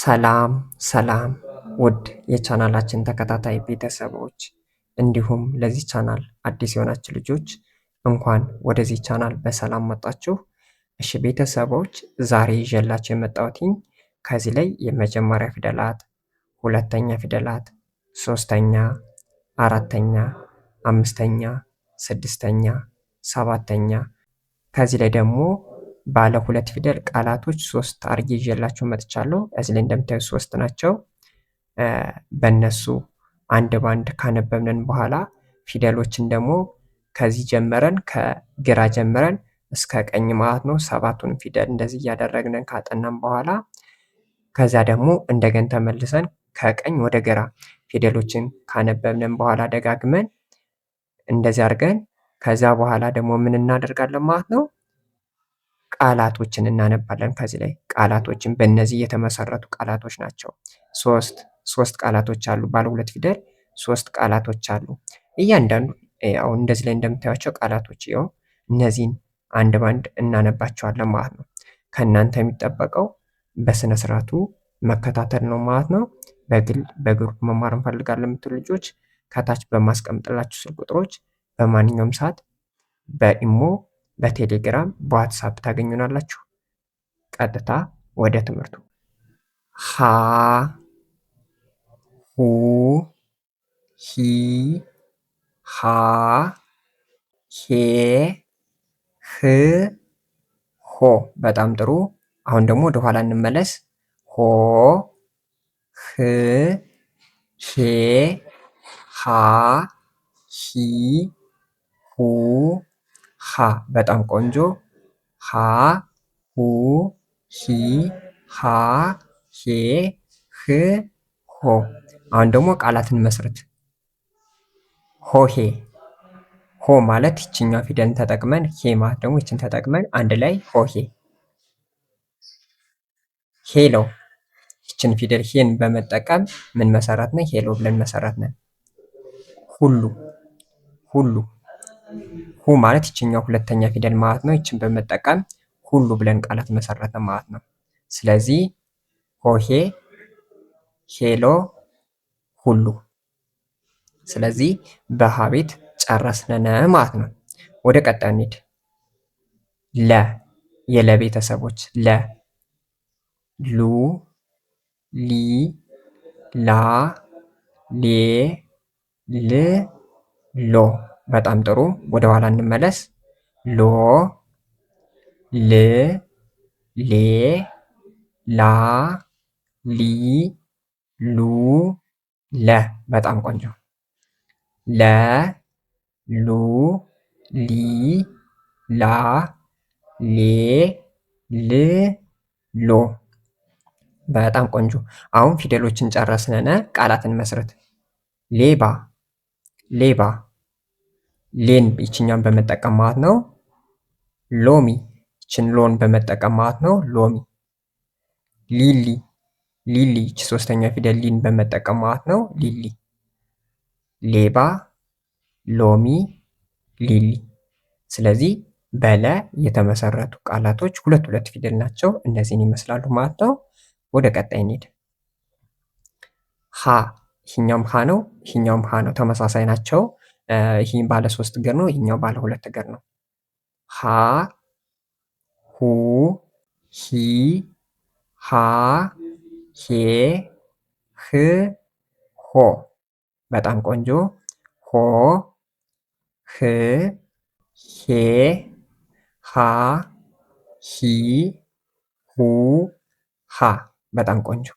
ሰላም ሰላም ውድ የቻናላችን ተከታታይ ቤተሰቦች እንዲሁም ለዚህ ቻናል አዲስ የሆናችሁ ልጆች እንኳን ወደዚህ ቻናል በሰላም መጣችሁ። እሺ ቤተሰቦች ዛሬ ይዤላችሁ የመጣሁትኝ ከዚህ ላይ የመጀመሪያ ፊደላት፣ ሁለተኛ ፊደላት፣ ሶስተኛ፣ አራተኛ፣ አምስተኛ፣ ስድስተኛ፣ ሰባተኛ ከዚህ ላይ ደግሞ ባለ ሁለት ፊደል ቃላቶች ሶስት አርጌ ይዤላቸው መጥቻለሁ። እዚህ ላይ እንደምታዩ ሶስት ናቸው። በእነሱ አንድ ባንድ ካነበብንን በኋላ ፊደሎችን ደግሞ ከዚህ ጀመረን ከግራ ጀመረን እስከ ቀኝ ማለት ነው። ሰባቱን ፊደል እንደዚህ እያደረግንን ካጠናን በኋላ ከዛ ደግሞ እንደገን ተመልሰን ከቀኝ ወደ ግራ ፊደሎችን ካነበብንን በኋላ ደጋግመን እንደዚህ አድርገን ከዛ በኋላ ደግሞ ምን እናደርጋለን ማለት ነው ቃላቶችን እናነባለን። ከዚህ ላይ ቃላቶችን በእነዚህ የተመሰረቱ ቃላቶች ናቸው። ሶስት ሶስት ቃላቶች አሉ። ባለ ሁለት ፊደል ሶስት ቃላቶች አሉ። እያንዳንዱ ያው እንደዚህ ላይ እንደምታያቸው ቃላቶች ያው እነዚህን አንድ ባንድ እናነባቸዋለን ማለት ነው። ከእናንተ የሚጠበቀው በስነ ስርዓቱ መከታተል ነው ማለት ነው። በግል በግሩፕ መማር እንፈልጋለን የምትሉ ልጆች ከታች በማስቀምጥላችሁ ስልክ ቁጥሮች በማንኛውም ሰዓት በኢሞ በቴሌግራም በዋትሳፕ ታገኙናላችሁ። ቀጥታ ወደ ትምህርቱ ሀ ሁ ሂ ሃ ሄ ህ ሆ። በጣም ጥሩ። አሁን ደግሞ ወደ ኋላ እንመለስ። ሆ ህ ሄ ሃ ሂ ሁ ሀ በጣም ቆንጆ ሀ ሁ ሂ ሃ ሄ ህ ሆ አሁን ደግሞ ቃላትን መስርት። ሆሄ ሆ ማለት ይችኛው ፊደልን ተጠቅመን ሄ ማለት ደግሞ ይችን ተጠቅመን አንድ ላይ ሆሄ። ሄሎ ይችን ፊደል ሄን በመጠቀም ምን መሰረት ነን ሄሎ ብለን መሰረት ነን። ሁሉ ሁሉ ሁ ማለት ይችኛው ሁለተኛ ፊደል ማለት ነው። ይችን በመጠቀም ሁሉ ብለን ቃላት መሰረተ ማለት ነው። ስለዚህ ሆሄ፣ ሄሎ፣ ሁሉ። ስለዚህ በሀ ጨረስነነ ማለት ነው። ወደ ቀጣዩ እንሂድ። ለ የለቤተሰቦች ለ፣ ሉ፣ ሊ፣ ላ፣ ሌ፣ ል፣ ሎ በጣም ጥሩ። ወደ ኋላ እንመለስ። ሎ ል ሌ ላ ሊ ሉ ለ በጣም ቆንጆ። ለ ሉ ሊ ላ ሌ ል ሎ በጣም ቆንጆ። አሁን ፊደሎችን ጨረስነነ ቃላትን መስረት ሌባ ሌባ ሌን ይችኛን በመጠቀም ማለት ነው። ሎሚ ይችን ሎን በመጠቀም ማለት ነው። ሎሚ ሊሊ ሊሊ ይች ሶስተኛ ፊደል ሊን በመጠቀም ማለት ነው። ሊሊ ሌባ ሎሚ ሊሊ። ስለዚህ በለ የተመሰረቱ ቃላቶች ሁለት ሁለት ፊደል ናቸው። እነዚህን ይመስላሉ ማለት ነው። ወደ ቀጣይ እንሂድ። ሀ ይህኛውም ሀ ነው፣ ይህኛውም ሀ ነው። ተመሳሳይ ናቸው። ይህ ባለ ሶስት እግር ነው። ይህኛው ባለ ሁለት እግር ነው። ሀ ሁ ሂ ሃ ሄ ህ ሆ። በጣም ቆንጆ። ሆ ህ ሄ ሃ ሂ ሁ ሃ። በጣም ቆንጆ።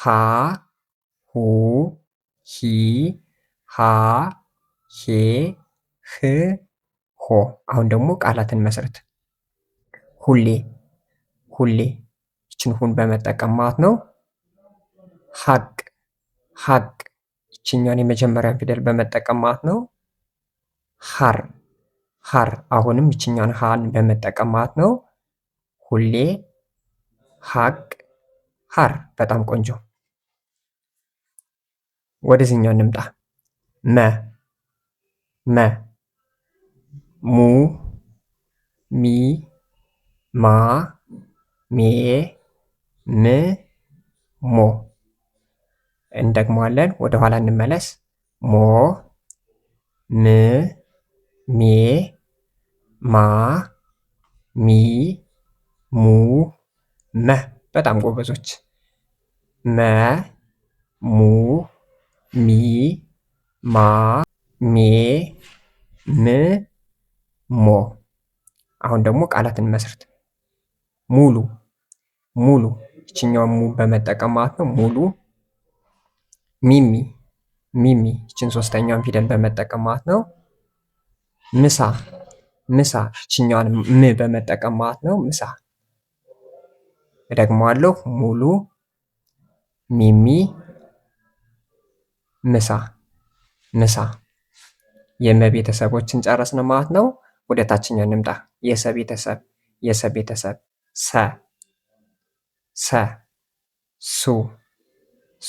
ሃ ሁ ሂ ሀ ሄ ህ ሆ አሁን ደግሞ ቃላትን መስረት ሁሌ ሁሌ ይችን ሁን በመጠቀም ማለት ነው። ሀቅ ሀቅ ይችኛውን የመጀመሪያን ፊደል በመጠቀም ማለት ነው። ሀር ሀር አሁንም ይችኛውን ሀን በመጠቀም ማለት ነው። ሁሌ ሀቅ ሀር። በጣም ቆንጆ። ወደዚህኛው እንምጣ። መ መ ሙ ሚ ማ ሜ ም ሞ እንደግመዋለን። ወደ ኋላ እንመለስ። ሞ ም ሜ ማ ሚ ሙ መ በጣም ጎበዞች። መ ሙ ሚ ማ ሜ ም ሞ አሁን ደግሞ ቃላትን መስርት ሙሉ ሙሉ ይችኛውን ሙ በመጠቀም ማለት ነው። ሙሉ ሚሚ ሚሚ ይችን ሶስተኛውን ፊደል በመጠቀም ማለት ነው። ምሳ ምሳ ይችኛዋን ም በመጠቀም ማለት ነው። ምሳ እደግመዋለሁ። ሙሉ ሚሚ ምሳ ምሳ የመቤተሰቦችን ጨረስን ማለት ነው። ወደ ታችኛው እንምጣ። የሰ ቤተሰብ የሰ ቤተሰብ ሰ ሰ ሱ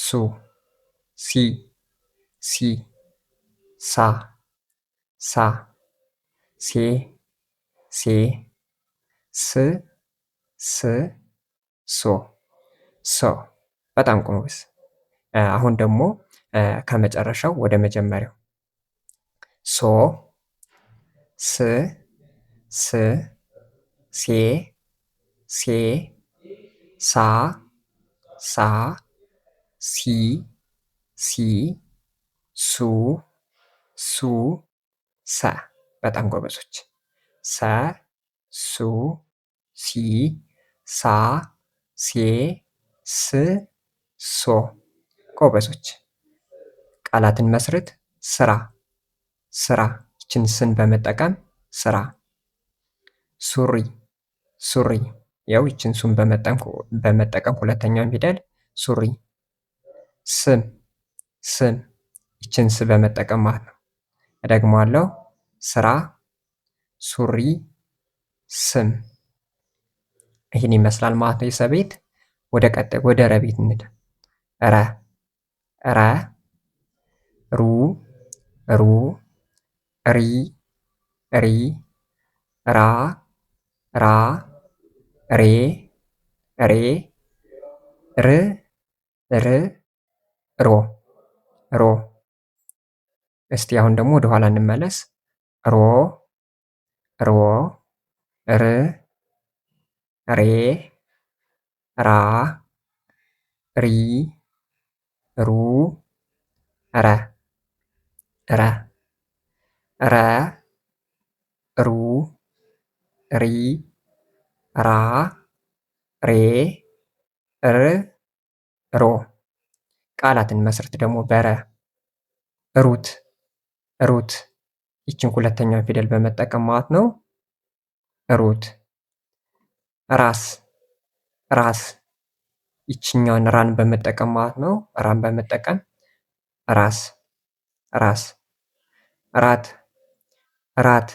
ሱ ሲ ሲ ሳ ሳ ሴ ሴ ስ ስ ሶ ሶ። በጣም ቁሙስ። አሁን ደግሞ ከመጨረሻው ወደ መጀመሪያው ሶ ስ ስ ሴ ሴ ሳ ሳ ሲ ሲ ሱ ሱ ሰ በጣም ጎበዞች። ሰ ሱ ሲ ሳ ሴ ስ ሶ ጎበዞች። ቃላትን መስርት ስራ ስራ ይችን ስን በመጠቀም ስራ ሱሪ ሱሪ ያው ይችን ሱን በመጠቀም ሁለተኛውን ፊደል ሱሪ ስም ስም ይችን ስ በመጠቀም ማለት ነው። እደግመዋለሁ። ስራ ሱሪ ስም ይህን ይመስላል ማለት ነው። የሰቤት ወደ ቀጥ ወደ ረቤት እንደ ረ ረ ru, ru, ri, ri, ra, ra, re, re, re r, ro, ro. Esti ahon demu dua halan emales, ro, ro, re re, ra, ri, ru, ra. ረ ረ ሩ ሪ ራ ሬ ር ሮ ቃላትን መስርት ደግሞ በረ ሩት ሩት ይችን ሁለተኛውን ፊደል በመጠቀም ማለት ነው። ሩት ራስ ራስ ይችኛውን ራን በመጠቀም ማለት ነው። ራን በመጠቀም ራስ ራስ ራት ራት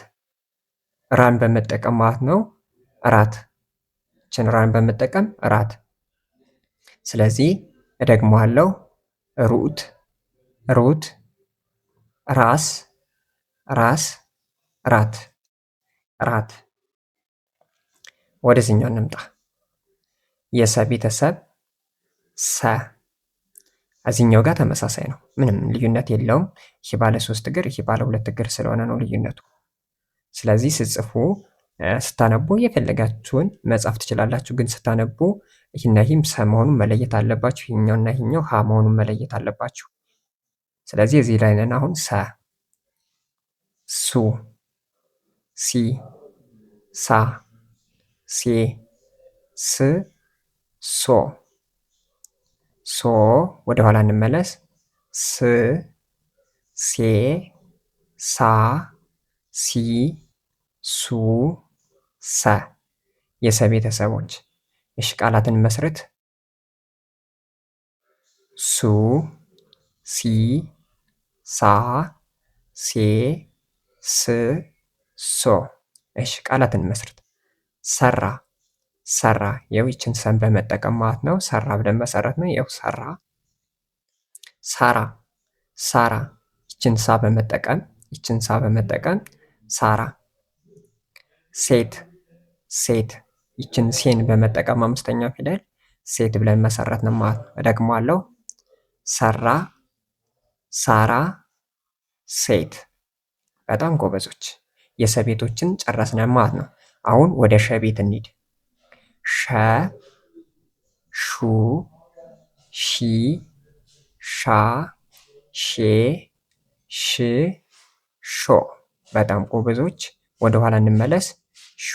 ራን በመጠቀም ማለት ነው። ራት ችን ራን በመጠቀም ራት። ስለዚህ እደግመዋለሁ። ሩት ሩት፣ ራስ ራስ፣ ራት ራት። ወደዚህኛው እንምጣ። የሰ ቤተሰብ ሰ እዚህኛው ጋር ተመሳሳይ ነው። ምንም ልዩነት የለውም። ይሄ ባለ ሶስት እግር ይሄ ባለ ሁለት እግር ስለሆነ ነው ልዩነቱ። ስለዚህ ስጽፉ ስታነቡ የፈለጋችሁን መጻፍ ትችላላችሁ። ግን ስታነቡ ይህና ይህም ሰ መሆኑን መለየት አለባችሁ። ይህኛውና ይህኛው ሀ መሆኑን መለየት አለባችሁ። ስለዚህ እዚህ ላይ ነን አሁን ሰ፣ ሱ፣ ሲ፣ ሳ፣ ሴ፣ ስ፣ ሶ ሶ ወደ ኋላ እንመለስ። ስ ሴ ሳ ሲ ሱ ሰ የሰ ቤተሰቦች። እሺ ቃላትን መስርት ሱ ሲ ሳ ሴ ስ ሶ። እሺ ቃላትን መስርት ሰራ ሰራ የው ይችን ሰን በመጠቀም ማለት ነው። ሰራ ብለን መሰረት ነው። የው ሰራ፣ ሳራ፣ ሳራ ይችን ሳ በመጠቀም ይችን ሳ በመጠቀም ሳራ። ሴት፣ ሴት ይችን ሴን በመጠቀም አምስተኛ ፊደል ሴት ብለን መሰረት ነው ማለት ነው። እደግማለሁ። ሰራ፣ ሳራ፣ ሴት። በጣም ጎበዞች የሰቤቶችን ጨረስነን ማለት ነው። አሁን ወደ ሸቤት እንሂድ። ሸ ሹ ሺ ሻ ሼ ሽ ሾ በጣም ጎበዞች። ወደኋላ እንመለስ። ሾ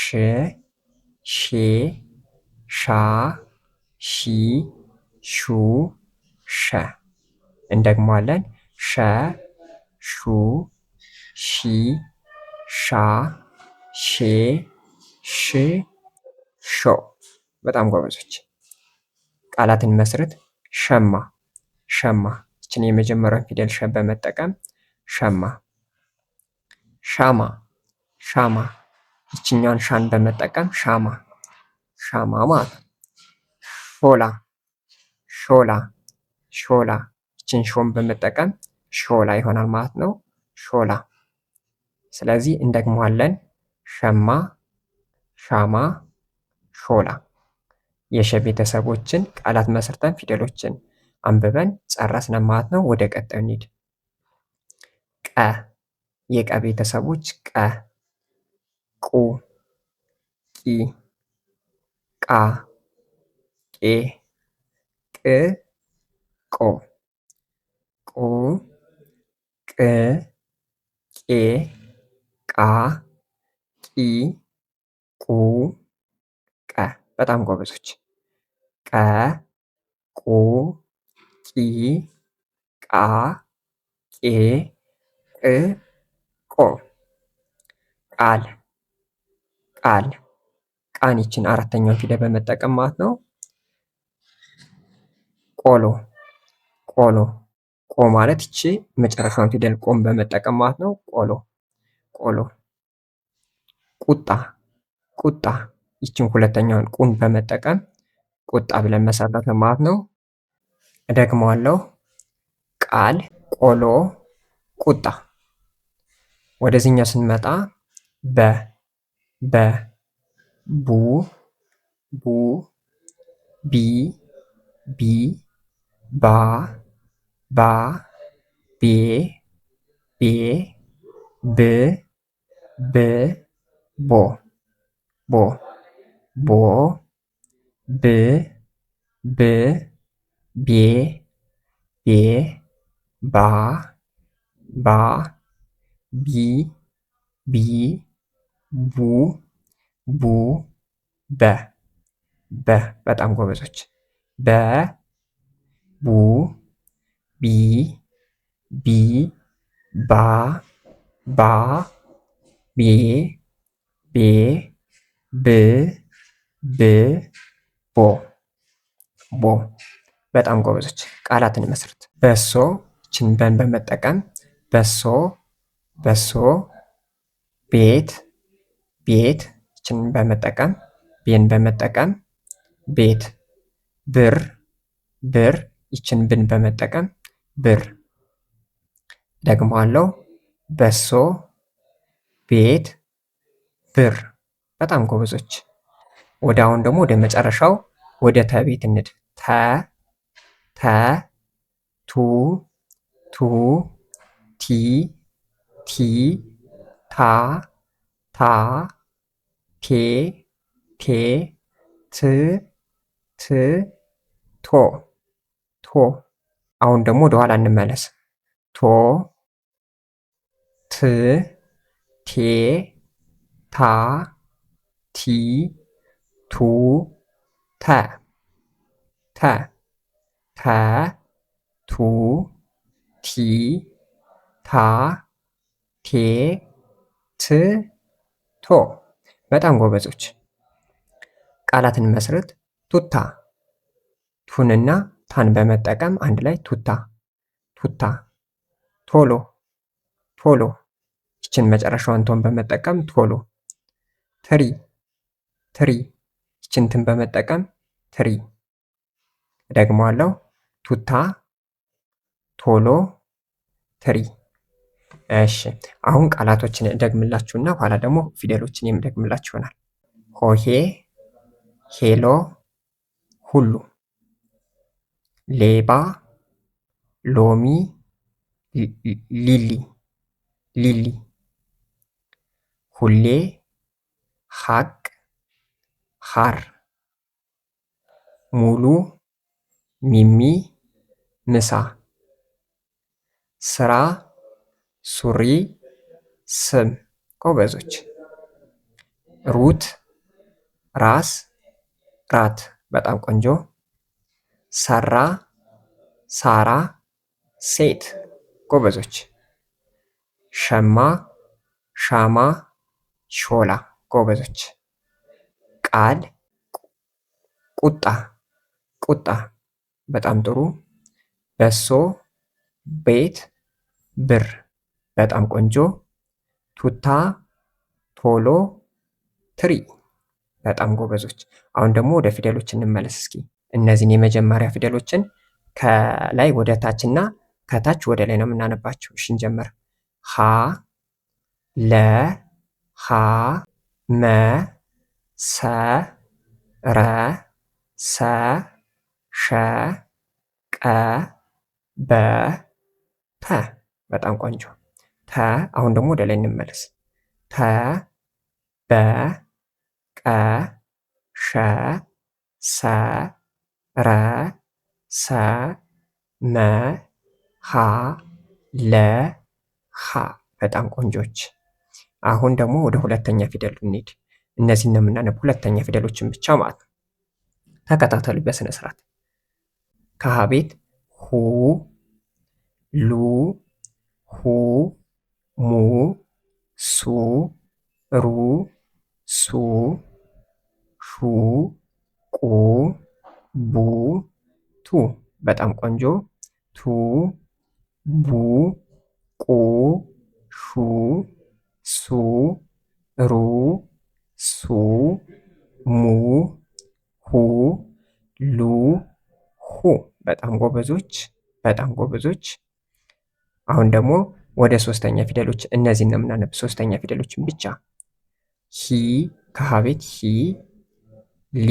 ሽ ሼ ሻ ሺ ሹ ሸ እንደግመዋለን። ሸ ሹ ሺ ሻ ሼ ሽ ሾ በጣም ጎበዞች። ቃላትን መስረት ሸማ ሸማ ይችን የመጀመሪያውን ፊደል ሸ በመጠቀም ሸማ። ሻማ ሻማ ይችኛውን ሻን በመጠቀም ሻማ ሻማ ማለት ነው። ሾላ ሾላ ሾላ ይችን ሾን በመጠቀም ሾላ ይሆናል ማለት ነው። ሾላ። ስለዚህ እንደግመዋለን ሸማ ሻማ ሾላ የሸ ቤተሰቦችን ቃላት መስርተን ፊደሎችን አንብበን ጨረስን ማለት ነው። ወደ ቀጣዩ እንሂድ። ቀ የቀ ቤተሰቦች ቀ፣ ቁ፣ ቂ፣ ቃ፣ ቄ፣ ቅ፣ ቆ ቁ፣ ቅ፣ ቄ፣ ቃ፣ ቂ ቁ ቀ በጣም ጎበዞች። ቀ ቁ ቂ ቃ ቄ ቅ ቆ ቃል ቃል ቃን ይችን አራተኛውን ፊደል በመጠቀም ማለት ነው። ቆሎ ቆሎ ቆ ማለት ይቺ መጨረሻውን ፊደል ቆም በመጠቀም ማለት ነው። ቆሎ ቆሎ ቁጣ ቁጣ ይችን ሁለተኛውን ቁን በመጠቀም ቁጣ ብለን መሰረት ማለት ነው። እደግመዋለሁ። ቃል፣ ቆሎ፣ ቁጣ። ወደዚህኛው ስንመጣ በ በ ቡ ቡ ቢ ቢ ባ ባ ቤ ቤ ብ ብ ቦ ቦ ቦ ብ ብ ቤ ቤ ባ ባ ቢ ቢ ቡ ቡ በ በ በጣም ጎበዞች በ ቡ ቢ ቢ ባ ባ ቤ ቤ ብ ብ ቦ ቦ በጣም ጎበዞች። ቃላትን መስርት በሶ ይችን በን በመጠቀም በሶ በሶ ቤት ቤት ይችን በመጠቀም ቤን በመጠቀም ቤት ብር ብር ይችን ብን በመጠቀም ብር ደግሞ አለው በሶ ቤት ብር በጣም ጎበዞች። ወደ አሁን ደግሞ ወደ መጨረሻው ወደ ተ እንድ ተ ተ ቱ ቱ ቲ ቲ ታ ታ ቴ ቴ ት ት ቶ ቶ አሁን ደግሞ ወደኋላ እንመለስ። ቶ ት ቴ ታ ቲ ቱ ተ ተ ተ ቱ ቲ ታ ቴ ት ቶ በጣም ጎበዞች። ቃላትን መስርት ቱታ ቱንና ታን በመጠቀም አንድ ላይ ቱታ ቱታ ቶሎ ቶሎ ይችን መጨረሻዋን ቶን በመጠቀም ቶሎ ትሪ ትሪ ችንትን በመጠቀም ትሪ ደግሞ አለው ቱታ ቶሎ ትሪ። እሺ አሁን ቃላቶችን እደግምላችሁና ኋላ ደግሞ ፊደሎችን የምደግምላችሁ ይሆናል። ሆሄ፣ ሄሎ፣ ሁሉ፣ ሌባ፣ ሎሚ፣ ሊሊ፣ ሊሊ፣ ሁሌ፣ ሀቅ ሀር ሙሉ ሚሚ ምሳ ስራ ሱሪ ስም ጎበዞች ሩት ራስ ራት በጣም ቆንጆ ሰራ ሳራ ሴት ጎበዞች ሸማ ሻማ ሾላ ጎበዞች ቃል ቁጣ ቁጣ በጣም ጥሩ በሶ ቤት ብር በጣም ቆንጆ ቱታ ቶሎ ትሪ በጣም ጎበዞች። አሁን ደግሞ ወደ ፊደሎች እንመለስ እስኪ እነዚህን የመጀመሪያ ፊደሎችን ከላይ ወደ ታች እና ከታች ወደ ላይ ነው የምናነባቸው። እሺ እንጀምር። ሀ ለ ሐ መ ሰ ረ ሰ ሸ ቀ በ ተ በጣም ቆንጆ ተ አሁን ደግሞ ወደ ላይ እንመለስ ተ በ ቀ ሸ ሰ ረ ሰ መ ሀ ለ ሀ በጣም ቆንጆች አሁን ደግሞ ወደ ሁለተኛ ፊደል እንሂድ እነዚህን ነው የምናነብ፣ ሁለተኛ ፊደሎችን ብቻ ማለት ነው። ተከታተሉ በስነ ስርዓት። ከሀ ቤት ሁ፣ ሉ፣ ሁ፣ ሙ፣ ሱ፣ ሩ፣ ሱ፣ ሹ፣ ቁ፣ ቡ፣ ቱ። በጣም ቆንጆ። ቱ፣ ቡ፣ ቁ፣ ሹ፣ ሱ፣ ሩ ሱ ሙ ሁ ሉ ሁ በጣም ጎበዞች በጣም ጎበዞች። አሁን ደግሞ ወደ ሶስተኛ ፊደሎች እነዚህን ነው የምናነብ። ሶስተኛ ፊደሎችን ብቻ ሂ ከሀ ሂ ሊ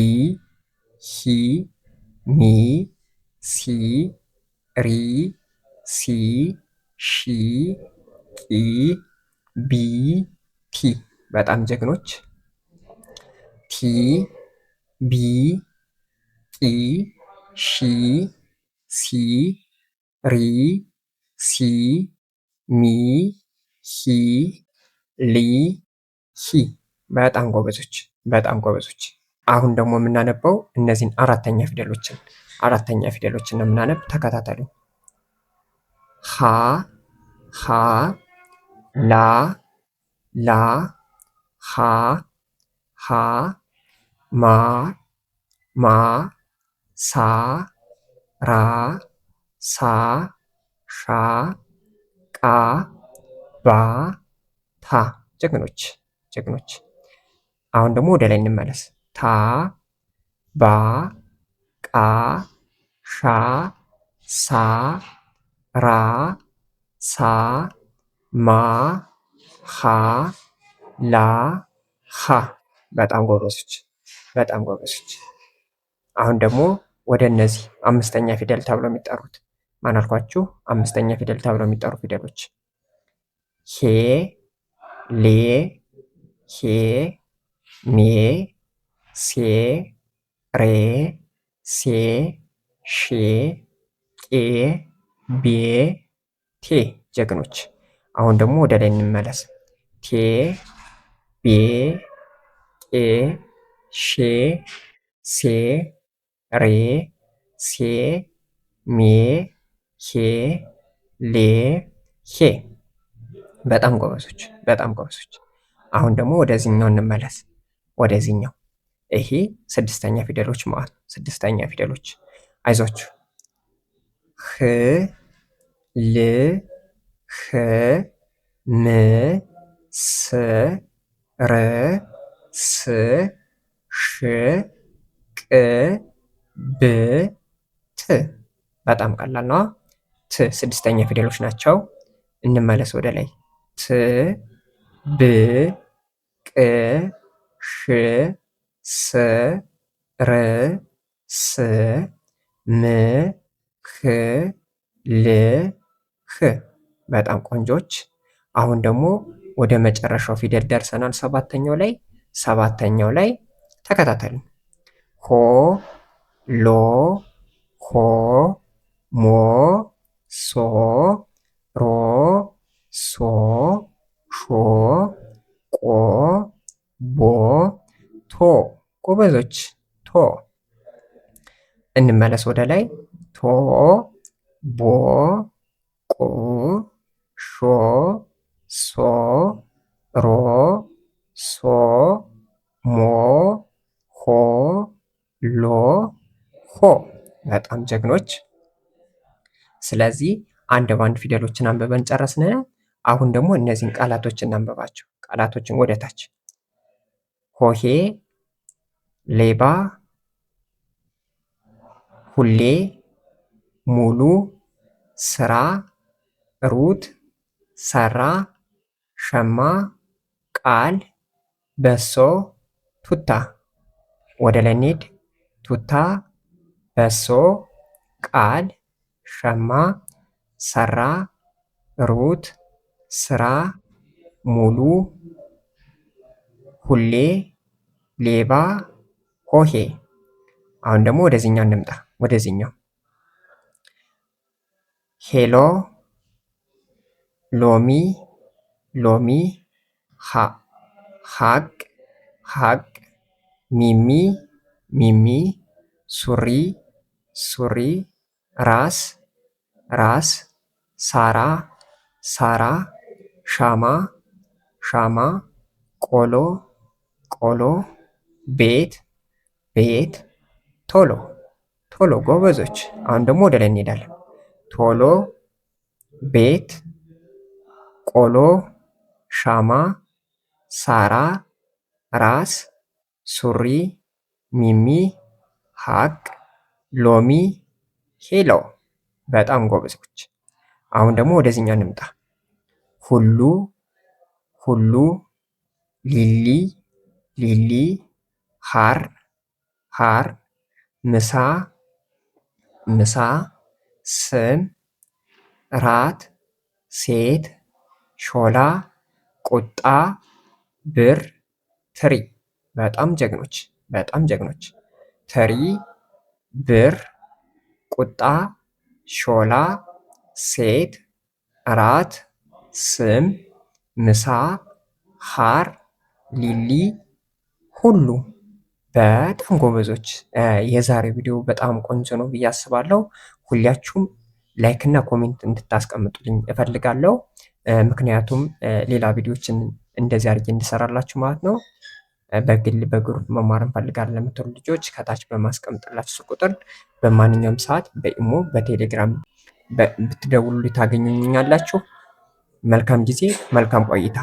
ሂ ሚ ሲ ሪ ሲ ሺ ቂ ቢ ቲ በጣም ጀግኖች ቲ ቢ ጢ ሺ ሲ ሪ ሲ ሚ ሂ ሊ ሂ በጣም ጎበዞች በጣም ጎበዞች። አሁን ደግሞ የምናነበው እነዚህን አራተኛ ፊደሎችን አራተኛ ፊደሎችን ነው የምናነብ። ተከታተሉ። ሀ ሀ ላ ላ ሀ ሀ ማ ማ ሳ ራ ሳ ሻ ቃ ባ ታ ጀግኖች ጀግኖች። አሁን ደግሞ ወደ ላይ እንመለስ። ታ ባ ቃ ሻ ሳ ራ ሳ ማ ሀ ላ ሀ በጣም ጎበዞች፣ በጣም ጎበዞች። አሁን ደግሞ ወደ እነዚህ አምስተኛ ፊደል ተብሎ የሚጠሩት ማን አልኳችሁ? አምስተኛ ፊደል ተብሎ የሚጠሩ ፊደሎች ሄ፣ ሌ፣ ሄ፣ ሜ፣ ሴ፣ ሬ፣ ሴ፣ ሼ፣ ጤ፣ ቤ፣ ቴ። ጀግኖች። አሁን ደግሞ ወደ ላይ እንመለስ። ቴ፣ ቤ ኤ ሼ ሴ ሬ ሴ ሜ ሄ ሌ ሄ በጣም ጎበዞች በጣም ጎበዞች። አሁን ደግሞ ወደዚህኛው እንመለስ። ወደዚህኛው ይሄ ስድስተኛ ፊደሎች ማለት ነው። ስድስተኛ ፊደሎች አይዟችሁ። ህ ል ህ ም ስ ር ስ ሽ ቅ ብ ት በጣም ቀላል ነዋ። ት ስድስተኛ ፊደሎች ናቸው። እንመለስ ወደ ላይ ት ብ ቅ ሽ ስ ር ስ ም ህ ል ህ በጣም ቆንጆች። አሁን ደግሞ ወደ መጨረሻው ፊደል ደርሰናል። ሰባተኛው ላይ ሰባተኛው ላይ ተከታተል ሆ ሎ ሆ ሞ ሶ ሮ ሶ ሾ ቆ ቦ ቶ። ጎበዞች ቶ። እንመለስ ወደ ላይ ቶ ቦ ቁ ሾ ሶ ሮ ሶ ሞ ሆ ሎ ሆ በጣም ጀግኖች! ስለዚህ አንድ ባንድ ፊደሎችን አንብበን ጨረስን። አሁን ደግሞ እነዚህን ቃላቶች እናንብባቸው። ቃላቶችን ወደታች ሆሄ፣ ሌባ፣ ሁሌ፣ ሙሉ፣ ስራ፣ ሩት፣ ሰራ፣ ሸማ፣ ቃል በሶ ቱታ ወደ ላይ ቱታ በሶ ቃል ሸማ ሰራ ሩት ስራ ሙሉ ሁሌ ሌባ ሆሄ። አሁን ደግሞ ወደዚህኛው እንምጣ። ወደዚኛው ሄሎ ሎሚ ሎሚ ሃ ሀቅ ሀቅ ሚሚ ሚሚ ሱሪ ሱሪ ራስ ራስ ሳራ ሳራ ሻማ ሻማ ቆሎ ቆሎ ቤት ቤት ቶሎ ቶሎ ጎበዞች አሁን ደግሞ ወደ ላይ እንሄዳለን ቶሎ ቤት ቆሎ ሻማ ሳራ ራስ ሱሪ ሚሚ ሀቅ ሎሚ ሄሎ በጣም ጎበዞች አሁን ደግሞ ወደዚህኛው እንምጣ ሁሉ ሁሉ ሊሊ ሊሊ ሀር ሀር ምሳ ምሳ ስም ራት ሴት ሾላ ቁጣ ብር ትሪ በጣም ጀግኖች በጣም ጀግኖች ትሪ ብር ቁጣ ሾላ ሴት እራት ስም ምሳ ሀር ሊሊ ሁሉ በጣም ጎበዞች የዛሬ ቪዲዮ በጣም ቆንጆ ነው ብዬ አስባለሁ ሁላችሁም ላይክ እና ኮሜንት እንድታስቀምጡልኝ እፈልጋለሁ ምክንያቱም ሌላ ቪዲዮችን እንደዚህ አድርጌ እንድሰራላችሁ ማለት ነው። በግል በግሩፕ መማር እንፈልጋለን ለምትሉ ልጆች ከታች በማስቀምጥላችሁ ቁጥር በማንኛውም ሰዓት በኢሞ በቴሌግራም ብትደውሉ ታገኙኛላችሁ። መልካም ጊዜ፣ መልካም ቆይታ።